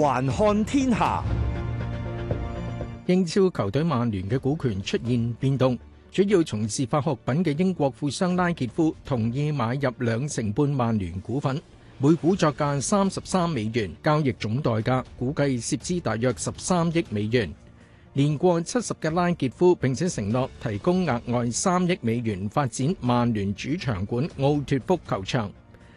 環看天下，英超球隊曼聯嘅股權出現變動，主要從事化學品嘅英國富商拉杰夫同意買入兩成半曼聯股份，每股作價三十三美元，交易總代價估計涉資大約十三億美元。年過七十嘅拉杰夫，並且承諾提供額外三億美元發展曼聯主場館奧脱福球場。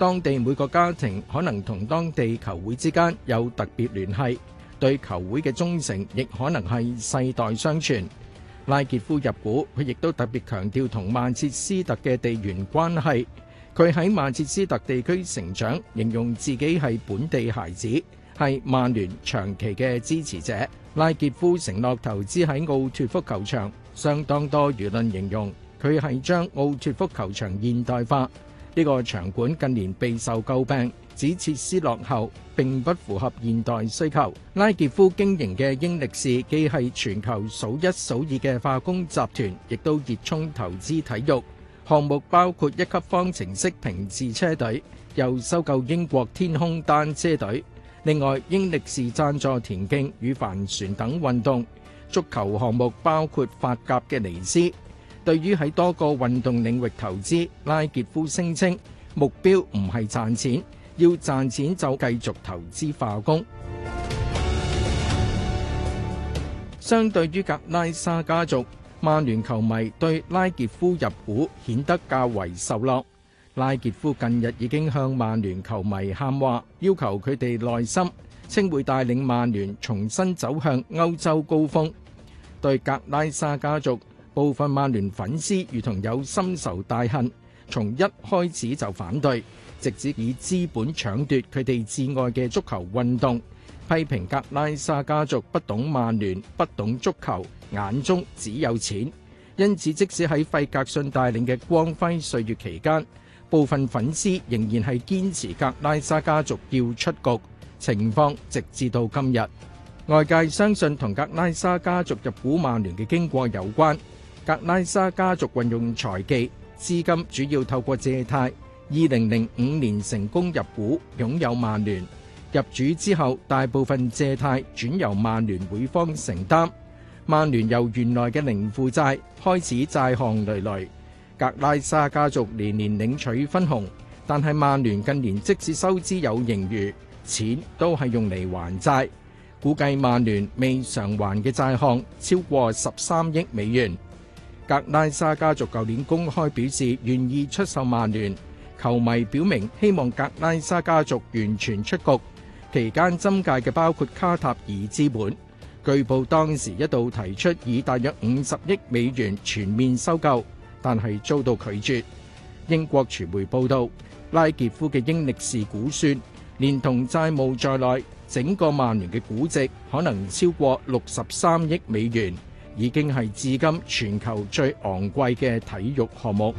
當地每個家庭可能同當地球會之間有特別聯繫，對球會嘅忠誠亦可能係世代相傳。拉傑夫入股，佢亦都特別強調同曼徹斯特嘅地緣關係。佢喺曼徹斯特地區成長，形容自己係本地孩子，係曼聯長期嘅支持者。拉傑夫承諾投資喺奧脱福球場，相當多輿論形容佢係將奧脱福球場現代化。呢個場館近年備受詬病，指設施落後，並不符合現代需求。拉傑夫經營嘅英力士既係全球數一數二嘅化工集團，亦都熱衷投資體育項目，包括一級方程式平治車隊，又收購英國天空單車隊。另外，英力士贊助田徑與帆船等運動，足球項目包括法甲嘅尼斯。對於喺多個運動領域投資，拉傑夫聲稱目標唔係賺錢，要賺錢就繼續投資化工。相對於格拉沙家族，曼聯球迷對拉傑夫入股顯得較為受落。拉傑夫近日已經向曼聯球迷喊話，要求佢哋耐心，稱會帶領曼聯重新走向歐洲高峰。對格拉沙家族，部分曼聯粉絲如同有深仇大恨，從一開始就反對，直指以資本搶奪佢哋至愛嘅足球運動，批評格拉沙家族不懂曼聯、不懂足球，眼中只有錢。因此，即使喺費格遜帶領嘅光輝歲月期間，部分粉絲仍然係堅持格拉沙家族要出局。情況直至到今日，外界相信同格拉沙家族入股曼聯嘅經過有關。格拉沙家族運用財技資金，主要透過借貸。二零零五年成功入股，擁有曼聯。入主之後，大部分借貸轉由曼聯會方承擔。曼聯由原來嘅零負債開始，債項累累。格拉沙家族年年領取分紅，但係曼聯近年即使收支有盈餘，錢都係用嚟還債。估計曼聯未償還嘅債項超過十三億美元。格拉沙家族舊年公開表示願意出售曼聯，球迷表明希望格拉沙家族完全出局。期間針界嘅包括卡塔爾資本，據報當時一度提出以大約五十億美元全面收購，但係遭到拒絕。英國傳媒報道，拉傑夫嘅英力士估算，連同債務在內，整個曼聯嘅估值可能超過六十三億美元。已經係至今全球最昂貴嘅體育項目。